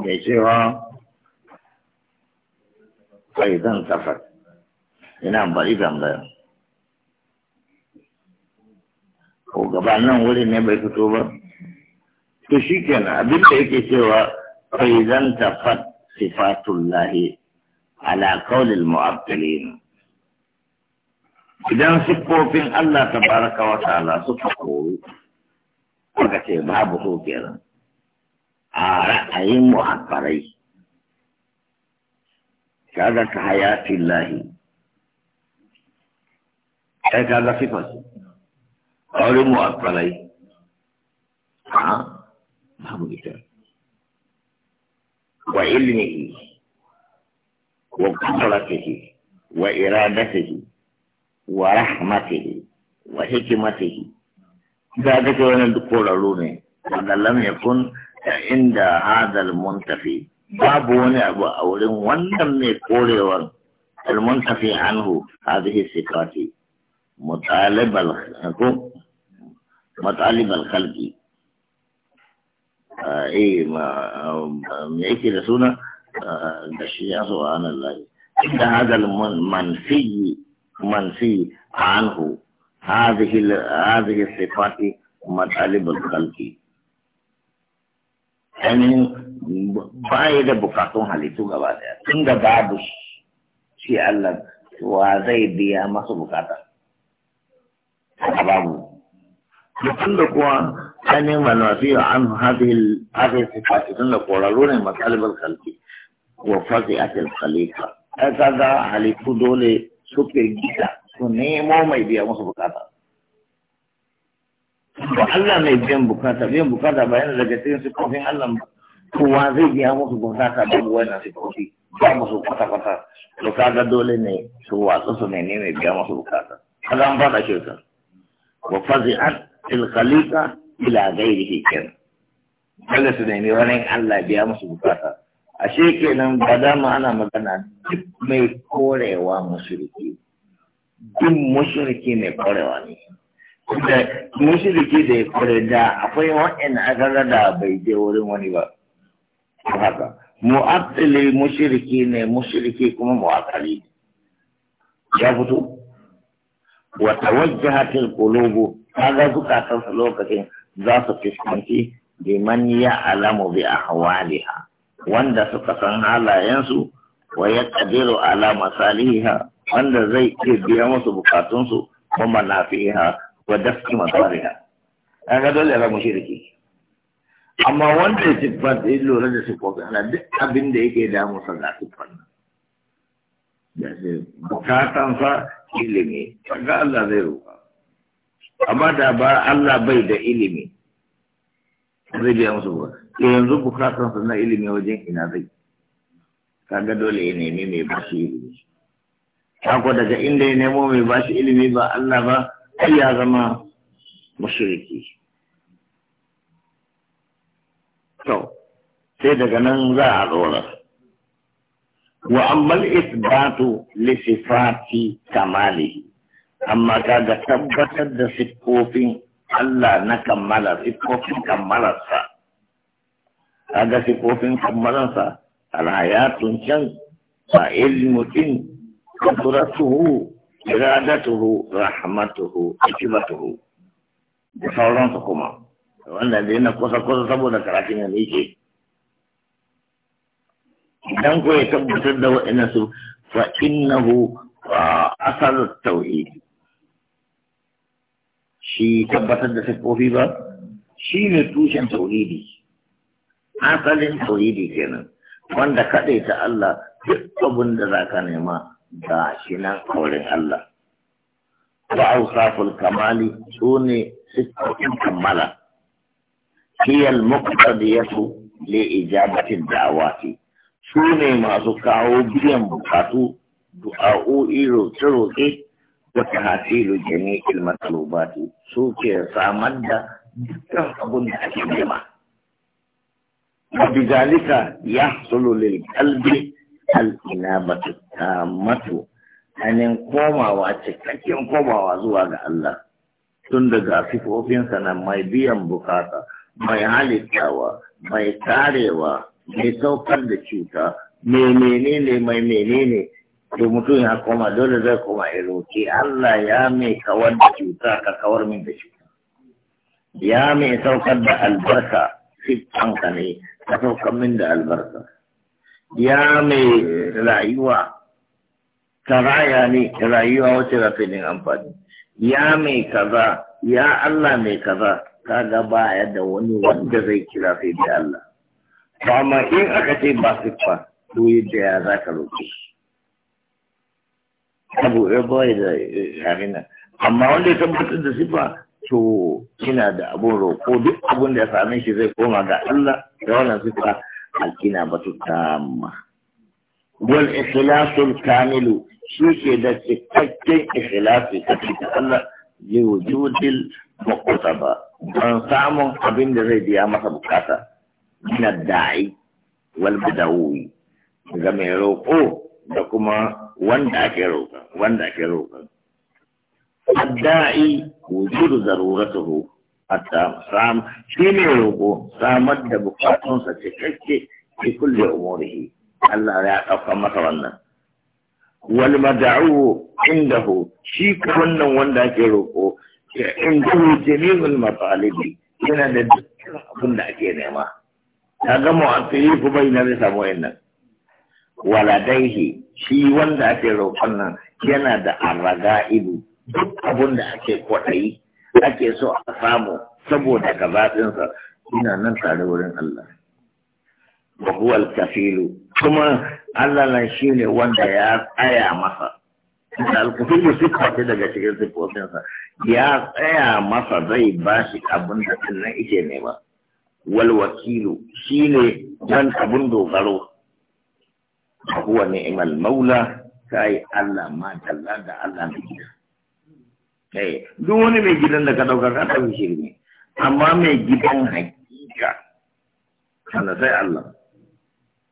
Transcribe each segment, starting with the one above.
mai cewa faizan safar ina bari tambaya ko gabanin wurin ne bai fito ba to shi kenan abin da yake cewa faizan tafat sifatullahi ala kaulil mu'abdalin idan siffofin Allah tabaraka wa ta'ala suka koru aka ce babu so kenan a ra'ayin muhabbarai kaga ka hayatin lahi kai kaga sifar ƙaurin muhabbarai ha babu ita wa ilmihi wa kusuratihi wa iradatihi wa rahmatihi wa hikimatihi kaga ta wani duk korarru ne wanda lam yakun عند هذا المنتفي باب وني أبو أولين ونم يقولي المنتفي عنه هذه الصفات مطالب الخلق مطالب الخلق آه، اي ما يكي رسولنا بشيء آه، سبحان الله إن هذا المنفي منفي عنه هذه هذه الصفات مطالب الخلق ainihin baya da bukatun halittu gaba daya tun da babu shi Allah wa zai biya masu bukata a babu tun da kuwa ainihin manuwafi wa an hadhihi hadhihi sifati tun da kwararru ne matsalibar kalfi wa fasi akil khalifa ta kaga halittu dole suke gida su nemo mai biya musu bukata ba Allah mai biyan bukata biyan bukata ba yana daga cikin sifofin Allah kowa zai biya musu bukata babu wannan sifofi ba musu kwata-kwata to kaga dole ne su watsu su ne mai biya musu bukata kaga an shi shirka wa fazi'at il khaliqa ila ghairihi kan dole su ne wani Allah biya musu bukata ashe kenan ba da ma ana magana duk mai korewa mushriki duk mushriki mai korewa ne da mushriki da ya kware da akwai wa'anda agarra da bai je wurin wani ba haka mu'attili mushriki ne mushriki kuma mu'attali ya fito wa tawajjahatil qulubu kaga zukatan sa lokacin za su fuskanci liman ya alamu bi ahwaliha wanda suka san halayensu wa ya kadiru ala ha. wanda zai iya biya musu bukatunsu kuma nafiha wa dafi mazariha an ka dole ya zama shirki amma wanda ya siffar da ya lura da siffofin ana duk abin da yake damu sa ga siffar nan da sai bukatansa ilimi ga Allah zai roƙa amma da ba Allah bai da ilimi zai biya musu ba yanzu bukatansa na ilimi wajen ina zai Ka ga dole ya nemi mai bashi ilimi Kako daga inda ya nemo mai bashi ilimi ba Allah ba ai ya zama mashiriki to sai daga nan za a tsora wa ammal isbatu li sifati kamalihi amma kaga tabbatar da siffofin Allah na kammala siffofin kammalarsa kaga siffofin kammalarsa alhayatun can fa ilmutin kudratuhu iradatuhu rahmatuhu hikmatuhu da sauransu kuma wanda da yana kusa kusa saboda karatun yana yake idan ko ya tabbatar da wa'ina su fa innahu asal tauhid shi tabbatar da sifofi ba shi ne tushen tauhidi asalin tauhidi kenan wanda kaɗai ta Allah duk abin da za ka nema ga shi nan auren Allah. Ba'ausaful kamali su ne siffofin kammala. Hiyal muqtadiyatu li ijabatin da Su ne masu kawo biyan bukatu du'a'o'i roƙe-roƙe da tahasilu jami'il matsalobati su ke samar da dukkan abun da ake nema. Wa bizalika ya lil qalbi al'inabatu ta mato, hannun komawa cikakken komawa zuwa ga Allah tun daga sifofinsa na mai biyan bukata mai halittawa mai tarewa, mai saukar da cuta mai menene mai menene to mutum ya koma dole zai koma ya roƙi Allah ya mai kawar da cuta ka kawar min da cuta ya mai saukar da albarka ka ne ka saukar min da albarka ya mai rayuwa ta raya ne rayuwa wacce ga filin amfani ya mai kaza ya Allah mai kaza kaga ba ya da wani wanda zai kira sai da Allah Ba ma in aka ce ba su fa, to yadda ya za ka roƙe abu ya da yarina eh, amma wanda ya tabbatar da sifa to yana da abun roƙo duk abun da ya same shi zai koma ga Allah da wannan sifa alƙina ba su kama. Wal ikhlasul kamilu shi ke da cikakken ikhlasi ta cikin Allah zai wujudil makota ba. Ban samun abin da zai biya masa bukata na da'i wal badawi ga mai roƙo da kuma wanda ake roƙa wanda ake roƙa. Adda'i wujudu zaruratu hatta sam shi ne roƙo samar da bukatunsa cikakke fi kulle umurihi Allah ya ɗauka masa wannan wal mad'u indahu shi ka wannan wanda ake roƙo indahu jami'ul matalibi yana da dukkan abin da ake nema ta gama a tsaye ku bai na zai samu wannan waladaihi shi wanda ake roƙon nan yana da arraga ibu duk abin da ake kwaɗayi ake so a samu saboda gabaɗinsa ina nan tare wurin Allah. Bahuwal kafilu kuma Allah nan ne wanda ya tsaya masa. Al-kafilu sifa daga cikin sifofinsa ya tsaya masa zai bashi abin da nan ike nema. Wal wakilu ne dan abin dogaro. Bahuwa huwa imal maula yi Allah ma dalla da Allah gida. eh duk wani mai gidan da ka dauka ka tafi shirme amma mai gidan hakika sana sai Allah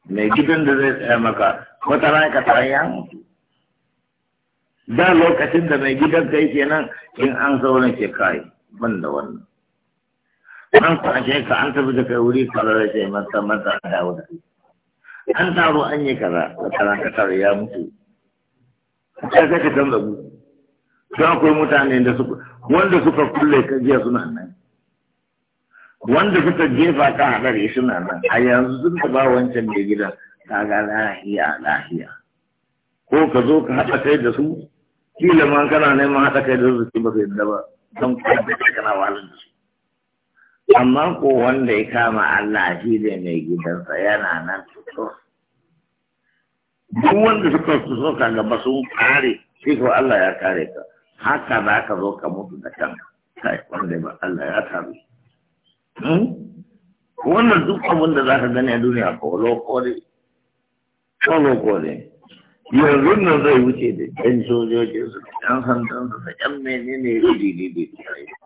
mai gidan da zai tsaya maka wata rana ka tare ya mutu da lokacin da mai gidan kai kenan in an zaune ke kai ban da wannan an kwashe ka an tafi da kai wuri masa-masa ce mata mata da an taro an yi kaza wata rana ka tare ya mutu sai ka ka tambaye don akwai mutane da suka wanda suka kulle ka jiya suna nan wanda suka jefa ka hadari suna nan a yanzu sun ba wancan da gidan ta ga lahiya lahiya ko ka zo ka haɗa kai da su kila ma kana neman haɗa kai da su ci ba ka yadda ba don da kana wahalar da su amma ko wanda ya kama Allah shi ne mai gidansa yana nan tutu duk wanda suka suka gaba sun kare sai ko Allah ya kare ka haka za ka zo ka mutu da kan kai wanda ba Allah ya tabi hmm? wannan duk abin da za ka gani a duniya ko lokore ko lokore yanzu nan zai wuce da ɗan sojojin su da ɗan sandan su da ɗan menene ridididi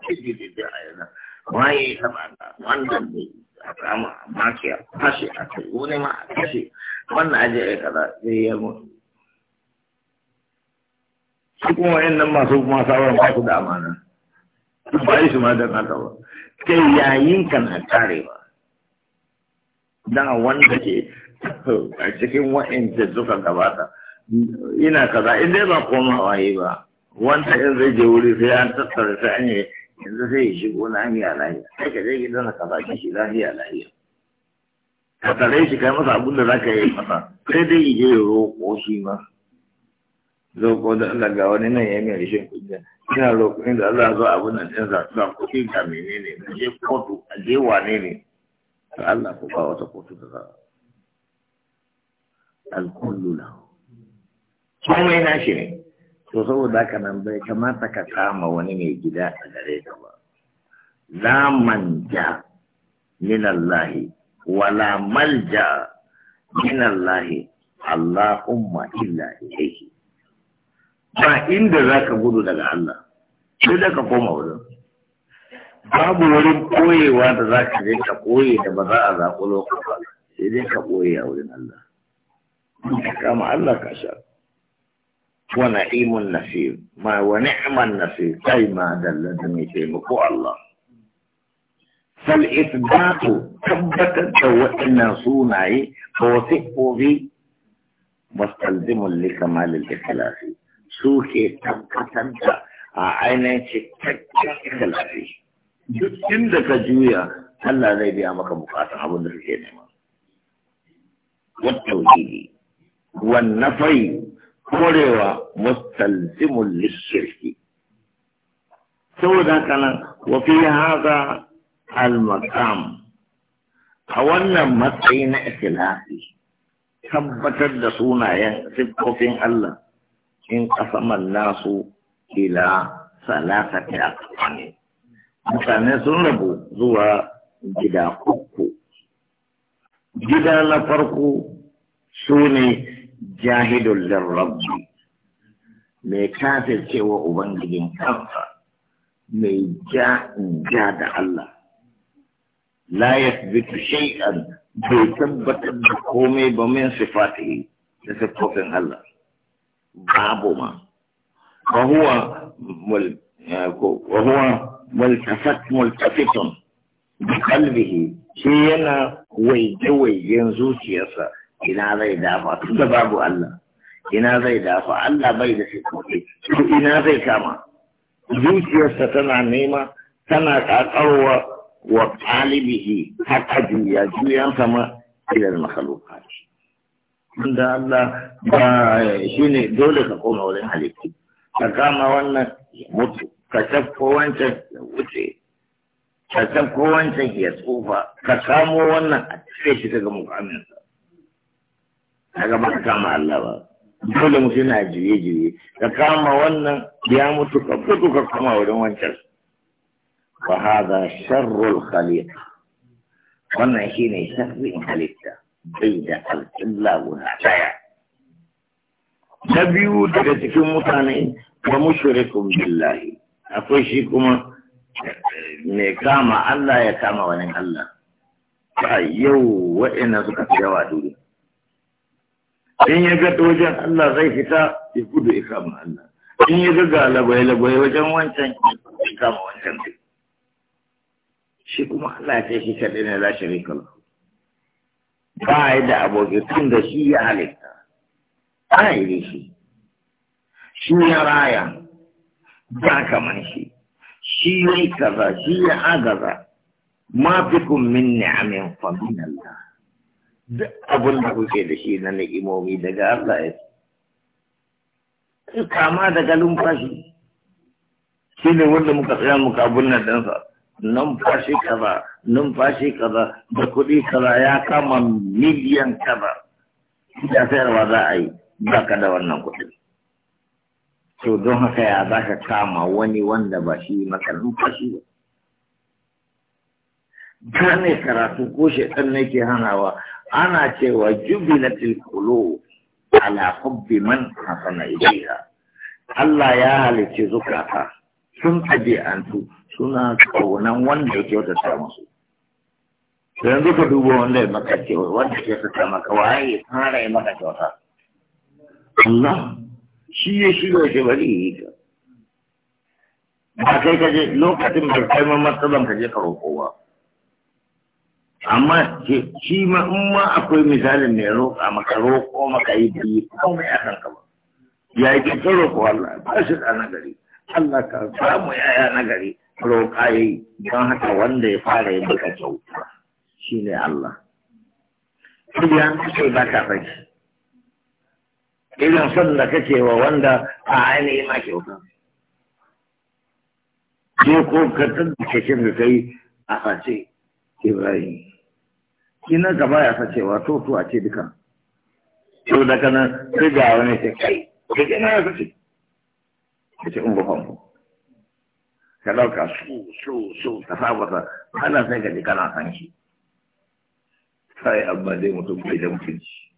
ridididi a yanzu waye ta baka wannan ne a kama makiya kashe a kai wani ma a kashe wannan aje ya kaza zai yi mutu su kuma nan masu kuma sauran ba su da amana ba yi su ma da haka ba kai yayin kan a tare ba da wanda ke a cikin wa'inda suka gabata ina kaza in dai ba koma yi ba wanda in zai je wuri sai an tattara sai an yi yanzu sai ya shigo hanyar lahiya sai ka zai gidan ka baki shi lahiya lahiya ka tare shi kai masa abin da ka yi masa sai dai ya je ya roƙo shi ma zoko da Allah ga wani nan ya mai rishin kujya ina roƙo da Allah zo abin nan ɗin zaɓa kuɗi ga menene na je kotu a je wane ne Allah ko ba wata kotu da zaɓa alkullu na komai na shi ne to saboda haka nan bai kamata ka kama wani mai gida a gare ka ba la ja, min Allah wala malja min Allah Allahumma illa ilayhi ba inda za ka gudu daga Allah sai da ka koma wurin babu wurin koyewa da za ka je ka koye da ba za a zaɓi lokaci ba sai dai ka koye a wurin Allah ka kama Allah ka sha wa na'imun nasir ma wa ni'man nasir kai ma dalla da mai taimako Allah fal isbatu tabbatar da waɗannan sunaye ko sifofi mustalzimun li kamalil ikhlasi suke tabbatar da a ainihin cikakken ikhlasi duk inda ka juya Allah zai biya maka bukatun abin da suke nema والتوحيد والنفي كوريوا مستلزم للشرك سودا كان وفي هذا المقام أولا متين إخلاقي ثبتت دسونا يا سبقوا الله in kasaman nasu ila salasati aqsami mutane sun rabu zuwa gida uku gida na farko sune jahidun lirrabbi mai kafir cewa ubangijin kansa mai ja in ja da Allah la yathbitu shay'an bai tabbatar da komai ba min sifatihi da siffofin Allah بعضهما وهو مل... وهو ملتفت ملتفت بقلبه شينا ويدوي ينزو سياسة إن هذا يدافع تباب الله إن هذا يدافع الله بيد سيكوه إن هذا كما ذو سياسة تنع نيمة تنع تقوى وطالبه حتى جويا جويا فما إلى المخلوقات da Allah ba shi ne dole ka koma wurin halittu ka kama wannan mutu ka tafko wancan ya wuce ka tafko wancan ya tsufa ka kamo wannan a cire shi daga mukaminsa daga ba ka kama Allah ba dole mutum na juye-juye ka kama wannan ya mutu ka fito ka kama wurin wancan fa hada sharrul khaliq wannan shine sharrin halitta bai da alƙilla guda ɗaya. Na biyu daga cikin mutane wa mushrikun billahi akwai shi kuma eh, mai kama Allah ya kama wani Allah. Ba yau wa'ina suka fi yawa dole. In ya ga wajen Allah zai fita ya gudu ya kama Allah. In ya ga galagwai-lagwai wajen wancan ya kama wancan. Shi kuma Allah ya ce shi kaɗai ne za shi rikala. ba yi da aboki tun da shi ya halitta ana yi shi shi ya raya ba kamar shi shi ya yi kaza shi ya agaza ma fi kun min ni'amin fa min Allah duk abin da kuke da shi na ni'imomi daga Allah ya kama daga lumfashi shi ne wanda muka tsaya muka abun nan dansa numfashi kaza numfashi kaza da kuɗi kaza ya kama miliyan kaza da sayarwa za a yi ba ka da wannan kuɗi to don haka ya za ka kama wani wanda ba shi maka numfashi ba ta ne karatu ko shaɗan ne ke hanawa ana cewa jubilatil kulo ala hubbi man hasana ilaiha Allah ya halicci zukata sun hantu suna ƙaunan wanda ya kyautata musu yanzu ka duba wanda ya maka kyauta wanda ya kyautata maka waye ya fara ya maka kyauta Allah shi ya shirya shi bari ya yi ka ba kai ka je lokacin da kai ma matsalan ka je ka roƙo ba amma shi ma in ma akwai misalin mai roƙa maka roƙo maka yi biyu komai a ka ba ya yi kyautar roƙo Allah ba shi ɗana gari Allah ka samu yaya na gari roƙa yi don haka wanda ya fara yin duka kyauta shi ne Allah. Idan kake ba ka bai. irin son da kake wa wanda a ainihin ma kyauta. Je ko ka tattace shi da kai a face Ibrahim. Kina gaba ya facewa to to a ce duka. Yau da kanan sai ga wani sai kai, kai na ya face. da ce in buhan ka ɗauka su su su ka ta ana sai ka ji kana san shi sai amma dai mutum bai da mutunci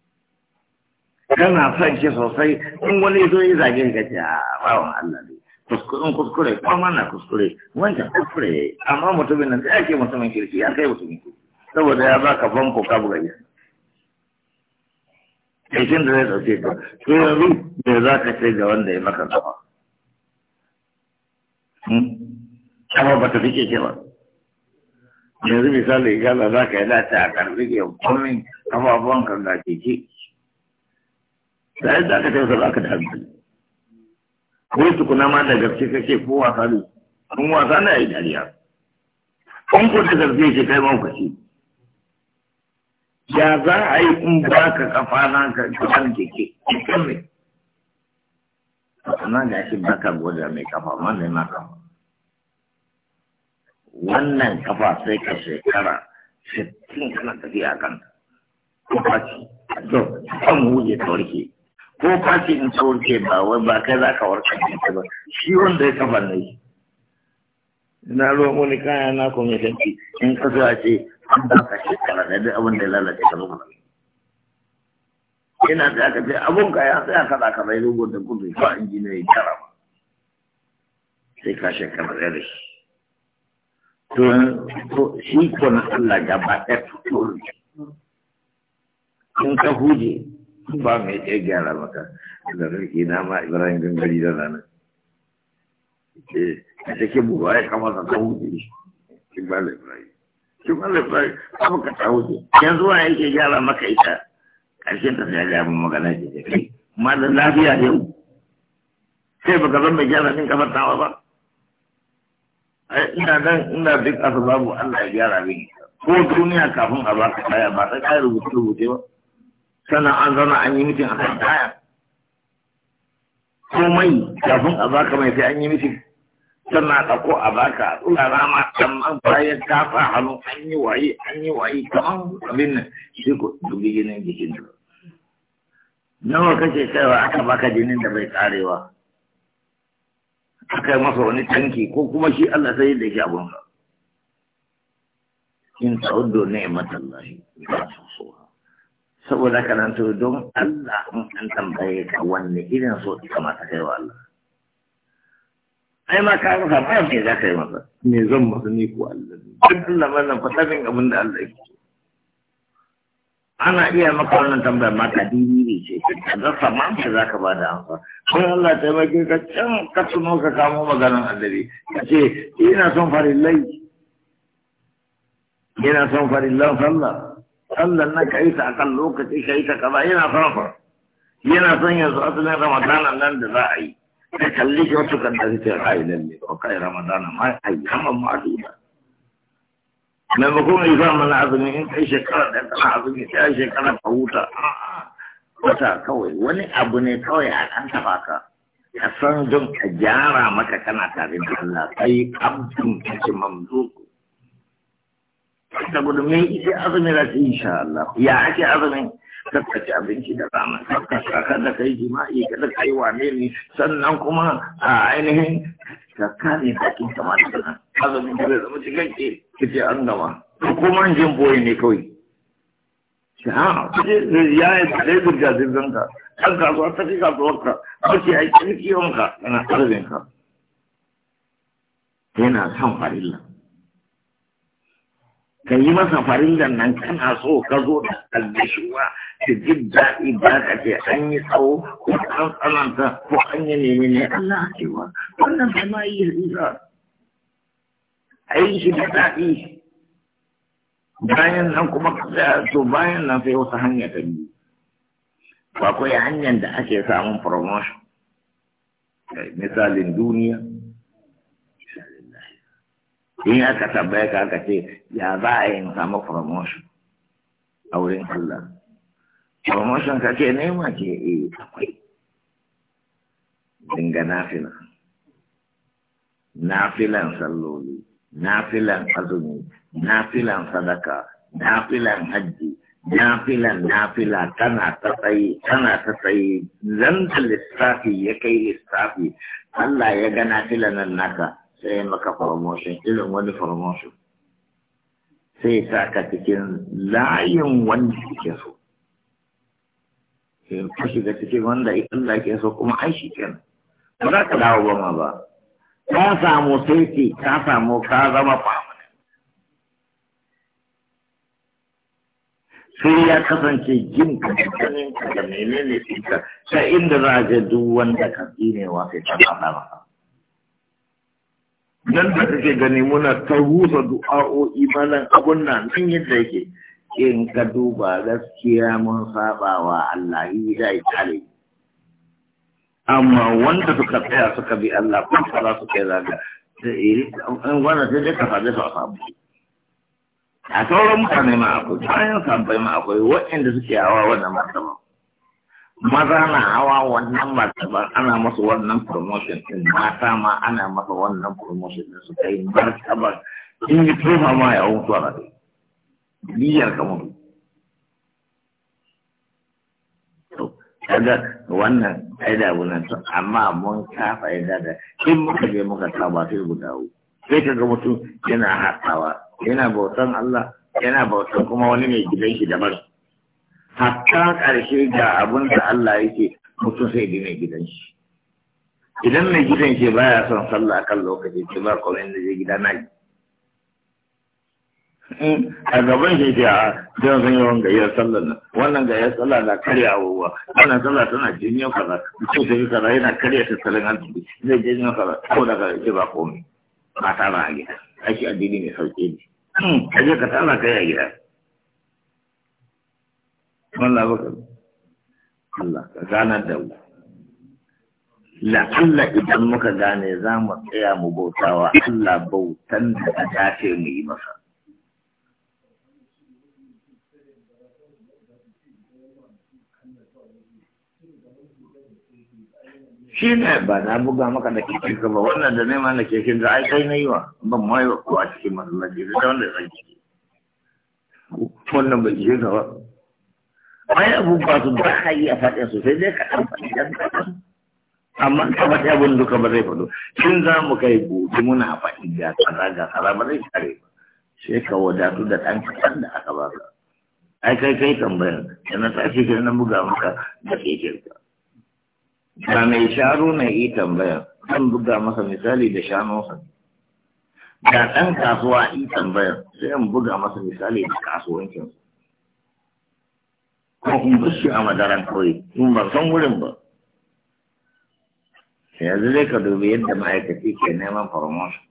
kana san shi sosai in wani zo yi zage ka ce a ah, bawan Allah ne kuskuren kuskure kuma na kuskure wancan kuskure amma mutumin nan sai ake mutumin kirki ya kai mutumin kirki saboda ya baka famfo ka buga yi aikin da zai ɗauke ka sai yanzu da za ka ce ga wanda ya maka zama kama ba ta fike ke ba. Yanzu misali gala za ka yi lati a karfi ke komin kafafuwan kan da keke. Sai za ka tausa ba ka da hankali. Ko tukuna ma da gaske kake ko wasa ne. Kun wasa na yi dariya. Kun ko da gaske ke kai maukaci. Ya za a yi in ba ka kafa na ka kan keke. Kan ne. amma da ake baka gwada mai kafa wannan ma kafa wannan kafa sai ka shekara sittin kana tafiya kan ko faci to kan huje ta warke ko faci in ta warke ba wai ba kai za ka warkar ne ta ba shi wanda ya kafa ne na ruwa wani kaya na kuma ya in ka zuwa ce an ba ka shekara da duk abin da ya lalace ka zo yana da aka ce abun ka ya tsaya kaza kaza ya rubo da gudu ba injina ya gyara ba sai ka shekara ɗaya da shi to shi ko na Allah ba ɗaya tuturu in ka huje ba mai ɗaya gyara maka da sarki na ma Ibrahim gangari da rana ce a cikin buwa ya kamata ta huje shi ba Ibrahim shi ba Ibrahim abu ka ta huje yanzu wa yake gyara maka ita ƙarshen ta ya ga mun magana ce da kai da lafiya yau sai baka zan mai gyara min kafar tawa ba ina nan ina duk babu Allah ya gyara min ko duniya kafin a ba ka kaya ba sai kai rubutu rubuce ba sannan an zana an yi mutum a kan kaya komai kafin a ba ka mai sai an yi mutum sannan ɗauko a baka tsula rama amma bayan ta fa hannu an yi waye an yi waye kamar abin nan shi ko dubi ginin jikin ta nawa kake kaiwa aka baka jinin da bai karewa aka yi masa wani tanki ko kuma shi Allah sai da shi abun ba in ta'uddu ni'matallahi ne tuhsuha saboda kana nan to don Allah in an tambaye ka wanne irin so ka mata kaiwa Allah ai ma ka rufa ba me za ka yi masa me zan masa ni ko Allah duk Allah wannan fata min abin da Allah yake ana iya maka wannan tambayar ma ka dini ne ce ka zafa ma ka za ka ba da amsa sai Allah ta baki ka can ka tuno ka kamo maganar annabi ka ce ina son farillai ina son farillan sallah sallan na ka yi ta akan lokaci ka yi ta kaza yana farfa yana son yanzu asalin ramadanan nan da za a yi ka kalli shi wasu kan da su ce ai ne ko kai ramadanan ma ai kamar ma duba maimakon ya sa mana azumi in kai shekara da ta azumi sai a shekara ka huta wata kawai wani abu ne kawai a kan ta ka ka san don ka gyara maka kana tare da Allah kai abdun kake mamzuku saboda me yake azumi da shi insha Allah ya ake azumin tsaftace abinci da rana tsaftace da kai jima'i da kai wane ne sannan kuma a ainihin ka kare bakin kamar da nan azumin da zai an gama jin boye ne kawai ya yi tsaye ka an kasuwa ta fi kasuwar ka aiki ka yana ka yana farilla ka yi masa farillan nan kana so ka zo da albashuwa da jin daɗi da ka ce an yi tsawo ko an tsananta ko an yi nemi ne Allah cewa wannan ba ma yi riga a yi shi da daɗi bayan nan kuma to bayan nan sai wasu hanya ta biyu ba akwai hanyar da ake samun promotion misalin duniya in aka tambaya ka aka ce ya za a yi samun promotion a wurin Allah promotion ka ce nema ke eh akwai dinga nafila nafilan salloli nafilan azumi nafilan sadaka nafilan hajji nafilan nafila tana ta tsaye tana ta tsaye zan ta lissafi ya kai lissafi Allah ya ga nafilan nan naka sai maka promotion irin wani promotion sai sa ka cikin layin wanda yake so sai ka shiga cikin wanda Allah yake so kuma ai shi kenan ba za ka dawo ba ma ba ka samu saiti ka samu ka zama famunan sai ya kasance jin ka da ganin ka da menene ta inda za a je duk wanda ka tsinewa sai ta faɗa nan da kake gani muna ta rusa du'a'o'i malan abun nan nan yadda yake in ka duba gaskiya mun saba wa Allah yi da amma wanda suka tsaya suka bi Allah ko fara suka yi zaga sai iri eh, an wanda sai dai ka faɗi sa a a sauran mutane ma akwai bayan sabbai ma akwai waɗanda suke hawa wannan martaba maza na hawa wannan martaba ana masu wannan promotion din mata ma ana masa wannan promotion din su kai martaba in yi tufa ma ya hutu a kai biyar ka mutu kaga wannan aida da wannan amma mun kafa yadda da in muka je muka saba sai mu dawo sai kaga mutum yana haɗawa yana bautan Allah yana bautan kuma wani mai gidan shi daban hatta ƙarshe ga abun da Allah yake mutum sai dai gidan shi idan mai gidan shi baya son sallah kan lokaci ce ba komai da je gida na yi a gaban shi ce a ah, jiran sun yi gayyar sallar nan wannan gayyar sallar na karya abubuwa wannan sallar tana jinyar kaza mutum ta yi kaza yana karya tattalin arziki zai jinyar kaza ko da ka ce ba komai ba tara a gida aiki addini mai sauƙi ne hmm, ka je ka tara kai a gida wannan baka Allah ka gana da mu la'alla idan muka gane za mu tsaya mu bautawa Allah bautan da ta dace mu yi masa shi ne ba na buga maka da kike ka ba wannan da nema na kin da ai kai na yi wa ban ma yi ko a cikin masallaci da ta wanda zai ciki wannan bai je ka ba ai ba su ba kai a faɗin su sai dai ka ɗan faɗi ɗan amma ka faɗi abin duka ba zai faɗo Kin za mu kai gobe muna fadi da kaza ga kaza ba zai kare ba sai ka wadatu da ɗan kaɗan da aka baka ai kai kai tambayar da ta tashi sai na buga maka da keken ka da mai sharo na yi tambaya zan buga masa misali da shanonsa da ɗan kasuwa yi tambaya sai in buga masa misali da kasuwancin ko in bushe a madaran kawai in ba san wurin ba yanzu zai ka dubi yadda ma'aikaci ke neman promotion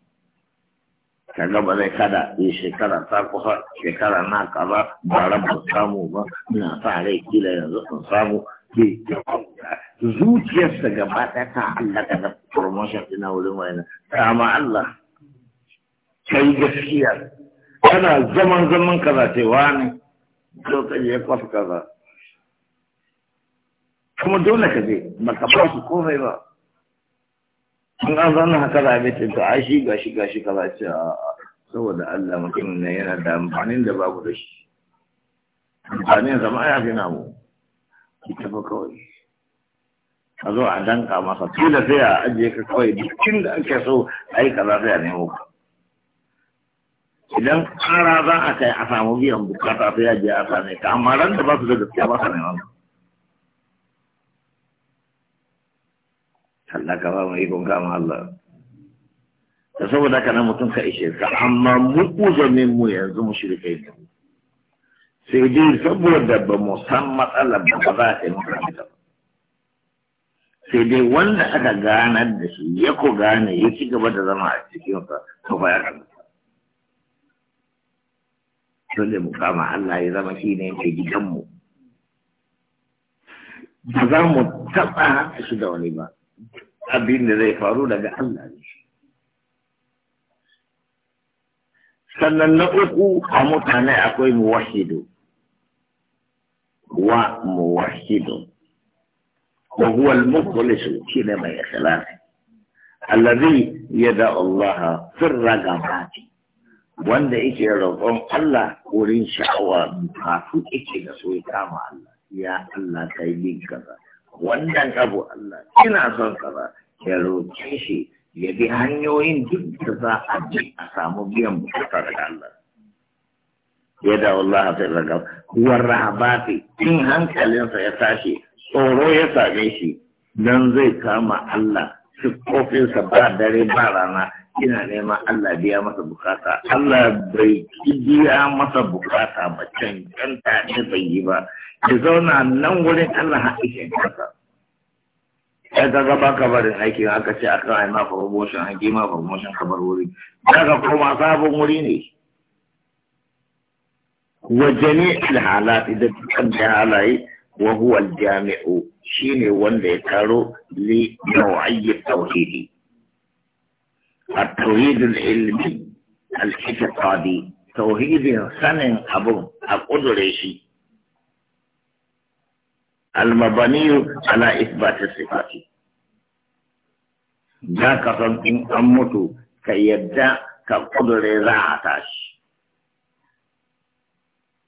kaga ba zai kada yi shekara ta kusa shekara na kaza ba rabu samu ba ina sa rai kila yanzu in samu ke zuciyarsa gaba ɗaya ta Allah ka da promotion ina wurin wani kama Allah yi gaskiya kana zaman zaman kaza yi wani zo ka kwafi kaza kuma dole ka je ka ba su komai ba an an zanna haka da abincin to a shi gashi gashi kaza ce saboda Allah mutum ne yana da amfanin da babu da shi amfanin zama ya fi namu ita tafi kawai a zo a danka masa tila sai a ajiye ka kawai dukkan da ake so a yi kaza sai a nemo ka idan kara za a kai a samu biyan bukata sai a je a same ka amma ran da ba su da gaskiya ba sa neman ka Allah ka ba mu ikon Allah da saboda haka nan mutum ka ishe ka amma mu uzamin mu yanzu mu shirka yi sai dai saboda ba mu san matsalar ba za a taimaka da ba sai dai wanda aka ganar da shi ya ko gane ya ci gaba da zama a cikin sa to ba ya kan dole mu kama Allah ya zama shi ne ke gidanmu ba za mu taɓa haka shi da wani ba abin da zai faru daga Allah ne sannan na uku a mutane akwai muwahidu wa muwahidu وهو المخلص شين ما يخلاص الذي يدع الله في الرقبات wanda yake roƙon Allah wurin sha'awa kafin yake da so ya kama Allah ya Allah kai bin kaza wannan abu Allah ina son kaza ya roƙe shi ya bi hanyoyin duk za a bi a samu biyan bukata daga Allah. Ya da Allah fi ragab, huwar rahabati, in hankalinsa ya tashi, tsoro ya same shi don zai kama Allah kofinsa ba dare ba rana ina neman Allah biya masa bukata Allah bai biya masa bukata ba cancanta ne bai yi ba Ki zauna nan wurin Allah haƙiƙin kasa ya kaga ba ka barin aikin aka ce aka ai ma promotion an ma promotion kamar bar wuri daga koma sabon wuri ne idan kan da halaye وهو الجامع شين والذكر لنوعي التوحيد التوحيد العلمي الاعتقادي توحيد سن أبو أقدريشي المبني على إثبات الصفات جاكتن إن أمتو كيبدأ كقدر لا ذاعتاش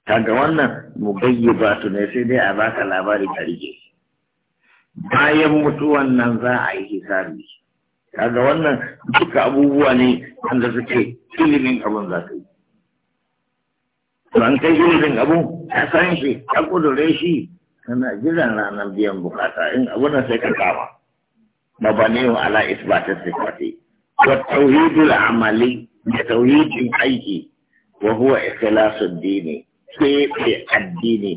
kaga wannan mu su ne sai dai a baka labari ka rike bayan mutuwan nan za a yi hisabi kaga wannan duka abubuwa ne wanda suke ilimin abun za ka yi ban kai ilimin abu ka san shi ka kudure shi kana jiran ranar biyan bukata in abu na sai ka kama ba mabaniyu ala isbatar sifati wa tauhidul amali da tauhidin aiki wa huwa ikhlasuddini keɓe addini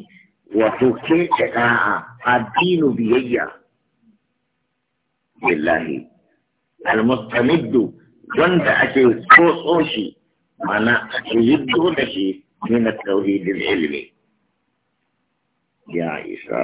wato keɓe ɗa'a addinu biyayya billahi almustamiddu wanda ake tsotso shi mana ake yiddo da shi min at ilmi ya isa